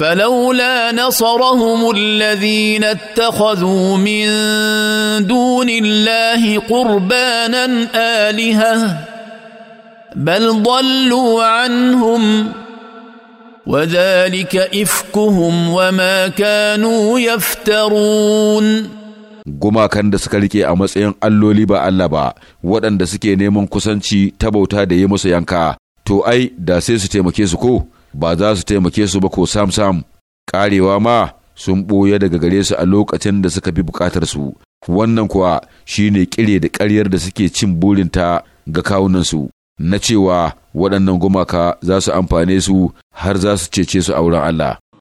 فلولا نصرهم الذين اتخذوا من دون الله قربانا الهه بل ضلوا عنهم وذلك افكهم وما كانوا يفترون gumakan da suka rike a matsayin alloli ba Allah ba waɗanda suke neman kusanci ta bauta da yi musu yanka to ai da sai su taimake su ko ba za su taimake su ba ko sam sam karewa ma sun ɓoye daga gare su a lokacin da suka bi bukatar su wannan kuwa shine kire da ƙaryar da suke cin burinta ga kawunansu na cewa waɗannan gumaka za su amfane su har za su cece su a wurin Allah